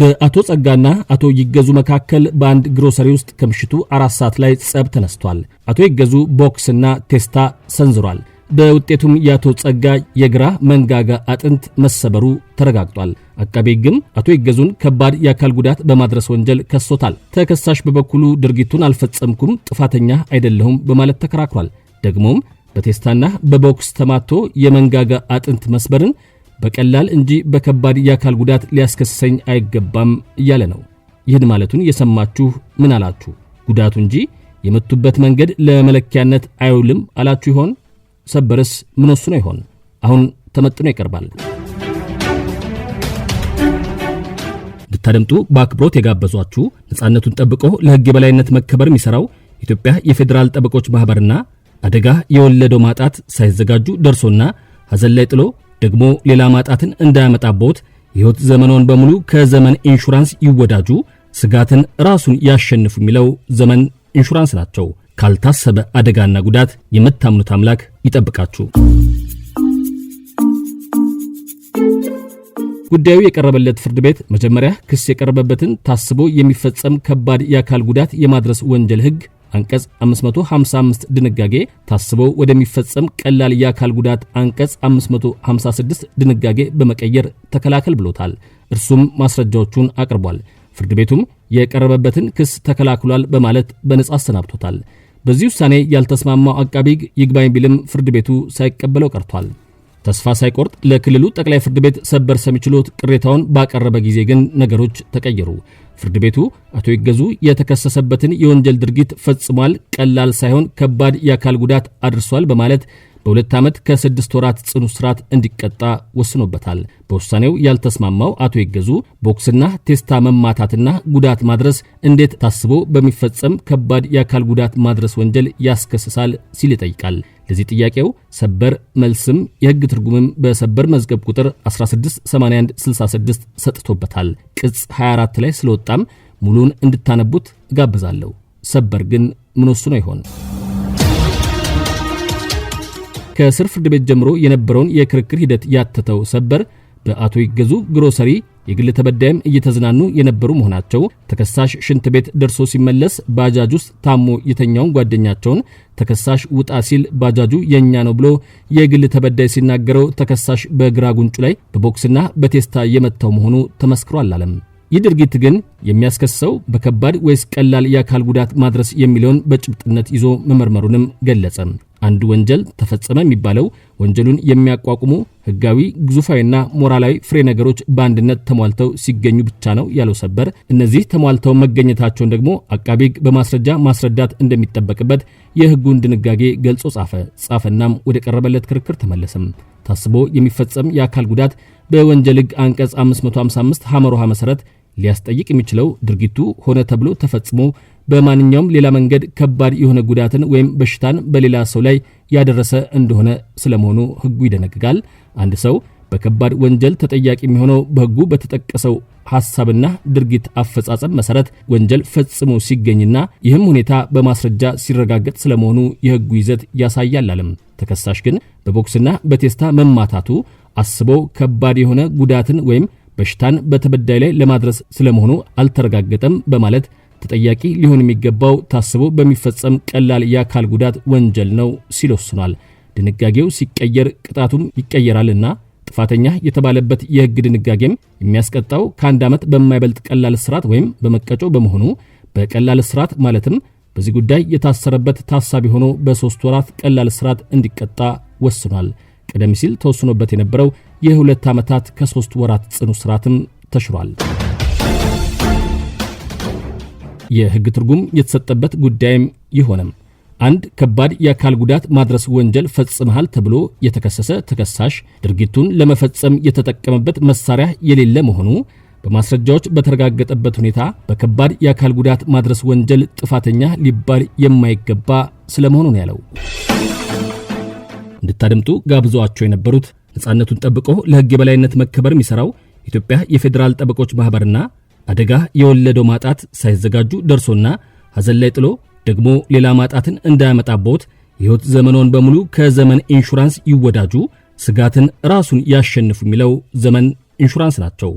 በአቶ ጸጋና አቶ ይገዙ መካከል በአንድ ግሮሰሪ ውስጥ ከምሽቱ አራት ሰዓት ላይ ጸብ ተነስቷል። አቶ ይገዙ ቦክስና ቴስታ ሰንዝሯል። በውጤቱም የአቶ ጸጋ የግራ መንጋጋ አጥንት መሰበሩ ተረጋግጧል። አቃቤ ግን አቶ ይገዙን ከባድ የአካል ጉዳት በማድረስ ወንጀል ከሶታል። ተከሳሽ በበኩሉ ድርጊቱን አልፈጸምኩም፣ ጥፋተኛ አይደለሁም በማለት ተከራክሯል። ደግሞም በቴስታና በቦክስ ተማቶ የመንጋጋ አጥንት መስበርን በቀላል እንጂ በከባድ የአካል ጉዳት ሊያስከስሰኝ አይገባም እያለ ነው። ይህን ማለቱን የሰማችሁ ምን አላችሁ? ጉዳቱ እንጂ የመቱበት መንገድ ለመለኪያነት አይውልም አላችሁ ይሆን? ሰበርስ ምን ወስኖ ይሆን? አሁን ተመጥኖ ይቀርባል። እንድታደምጡ በአክብሮት የጋበዟችሁ ነፃነቱን ጠብቆ ለሕግ የበላይነት መከበር የሚሠራው ኢትዮጵያ የፌዴራል ጠበቆች ማኅበርና አደጋ የወለደው ማጣት ሳይዘጋጁ ደርሶና ሐዘን ላይ ጥሎ ደግሞ ሌላ ማጣትን እንዳያመጣቦት ሕይወት ዘመኖን በሙሉ ከዘመን ኢንሹራንስ ይወዳጁ። ስጋትን ራሱን ያሸንፉ የሚለው ዘመን ኢንሹራንስ ናቸው። ካልታሰበ አደጋና ጉዳት የምታምኑት አምላክ ይጠብቃችሁ። ጉዳዩ የቀረበለት ፍርድ ቤት መጀመሪያ ክስ የቀረበበትን ታስቦ የሚፈጸም ከባድ የአካል ጉዳት የማድረስ ወንጀል ሕግ አንቀጽ 555 ድንጋጌ ታስበው ወደሚፈጸም ቀላል የአካል ጉዳት አንቀጽ 556 ድንጋጌ በመቀየር ተከላከል ብሎታል። እርሱም ማስረጃዎቹን አቅርቧል። ፍርድ ቤቱም የቀረበበትን ክስ ተከላክሏል በማለት በነጻ አሰናብቶታል። በዚህ ውሳኔ ያልተስማማው አቃቢ ሕግ ይግባኝ ቢልም ፍርድ ቤቱ ሳይቀበለው ቀርቷል። ተስፋ ሳይቆርጥ ለክልሉ ጠቅላይ ፍርድ ቤት ሰበር ሰሚ ችሎት ቅሬታውን ባቀረበ ጊዜ ግን ነገሮች ተቀየሩ። ፍርድ ቤቱ አቶ ይገዙ የተከሰሰበትን የወንጀል ድርጊት ፈጽሟል፣ ቀላል ሳይሆን ከባድ የአካል ጉዳት አድርሷል በማለት በሁለት ዓመት ከስድስት ወራት ጽኑ እስራት እንዲቀጣ ወስኖበታል። በውሳኔው ያልተስማማው አቶ ይገዙ ቦክስና ቴስታ መማታትና ጉዳት ማድረስ እንዴት ታስቦ በሚፈጸም ከባድ የአካል ጉዳት ማድረስ ወንጀል ያስከስሳል ሲል ይጠይቃል። ለዚህ ጥያቄው ሰበር መልስም የሕግ ትርጉምም በሰበር መዝገብ ቁጥር 168166 ሰጥቶበታል። ቅጽ 24 ላይ ስለወጣም ሙሉን እንድታነቡት እጋብዛለሁ። ሰበር ግን ምን ወስኖ ይሆን? ከስር ፍርድ ቤት ጀምሮ የነበረውን የክርክር ሂደት ያተተው ሰበር በአቶ ይገዙ ግሮሰሪ የግል ተበዳይም እየተዝናኑ የነበሩ መሆናቸው ተከሳሽ ሽንት ቤት ደርሶ ሲመለስ ባጃጅ ውስጥ ታሞ የተኛውን ጓደኛቸውን ተከሳሽ ውጣ ሲል ባጃጁ የእኛ ነው ብሎ የግል ተበዳይ ሲናገረው ተከሳሽ በግራ ጉንጩ ላይ በቦክስና በቴስታ የመታው መሆኑ ተመስክሮ አላለም። ይህ ድርጊት ግን የሚያስከሰው በከባድ ወይስ ቀላል የአካል ጉዳት ማድረስ የሚለውን በጭብጥነት ይዞ መመርመሩንም ገለጸ። አንዱ ወንጀል ተፈጸመ የሚባለው ወንጀሉን የሚያቋቁሙ ህጋዊ ግዙፋዊና ሞራላዊ ፍሬ ነገሮች በአንድነት ተሟልተው ሲገኙ ብቻ ነው ያለው ሰበር፣ እነዚህ ተሟልተው መገኘታቸውን ደግሞ አቃቢግ በማስረጃ ማስረዳት እንደሚጠበቅበት የህጉን ድንጋጌ ገልጾ ጻፈ። ጻፈናም ወደ ቀረበለት ክርክር ተመለሰም። ታስቦ የሚፈጸም የአካል ጉዳት በወንጀል አንቀጽ 555 ሐመሮሃ መሠረት ሊያስጠይቅ የሚችለው ድርጊቱ ሆነ ተብሎ ተፈጽሞ በማንኛውም ሌላ መንገድ ከባድ የሆነ ጉዳትን ወይም በሽታን በሌላ ሰው ላይ ያደረሰ እንደሆነ ስለመሆኑ ሕጉ ይደነግጋል። አንድ ሰው በከባድ ወንጀል ተጠያቂ የሚሆነው በሕጉ በተጠቀሰው ሐሳብና ድርጊት አፈጻጸም መሰረት ወንጀል ፈጽሞ ሲገኝና ይህም ሁኔታ በማስረጃ ሲረጋገጥ ስለመሆኑ የሕጉ ይዘት ያሳያል አለም። ተከሳሽ ግን በቦክስና በቴስታ መማታቱ አስቦ ከባድ የሆነ ጉዳትን ወይም በሽታን በተበዳይ ላይ ለማድረስ ስለመሆኑ አልተረጋገጠም በማለት ተጠያቂ ሊሆን የሚገባው ታስቦ በሚፈጸም ቀላል የአካል ጉዳት ወንጀል ነው ሲል ወስኗል። ድንጋጌው ሲቀየር ቅጣቱም ይቀየራልና ጥፋተኛ የተባለበት የሕግ ድንጋጌም የሚያስቀጣው ከአንድ ዓመት በማይበልጥ ቀላል እስራት ወይም በመቀጮ በመሆኑ በቀላል እስራት ማለትም በዚህ ጉዳይ የታሰረበት ታሳቢ ሆኖ በሦስት ወራት ቀላል እስራት እንዲቀጣ ወስኗል። ቀደም ሲል ተወስኖበት የነበረው የሁለት ዓመታት ከሶስት ወራት ጽኑ እስራትም ተሽሯል። የሕግ ትርጉም የተሰጠበት ጉዳይም ይሆንም አንድ ከባድ የአካል ጉዳት ማድረስ ወንጀል ፈጽመሃል ተብሎ የተከሰሰ ተከሳሽ ድርጊቱን ለመፈጸም የተጠቀመበት መሳሪያ የሌለ መሆኑ በማስረጃዎች በተረጋገጠበት ሁኔታ በከባድ የአካል ጉዳት ማድረስ ወንጀል ጥፋተኛ ሊባል የማይገባ ስለመሆኑ ነው ያለው። እንድታደምጡ ጋብዟቸው የነበሩት ነፃነቱን ጠብቆ ለሕግ የበላይነት መከበር የሚሠራው ኢትዮጵያ የፌዴራል ጠበቆች ማኅበርና አደጋ የወለደው ማጣት ሳይዘጋጁ ደርሶና ሐዘን ላይ ጥሎ ደግሞ ሌላ ማጣትን እንዳያመጣቦት የሕይወት ዘመኖን በሙሉ ከዘመን ኢንሹራንስ ይወዳጁ፣ ስጋትን ራሱን ያሸንፉ የሚለው ዘመን ኢንሹራንስ ናቸው።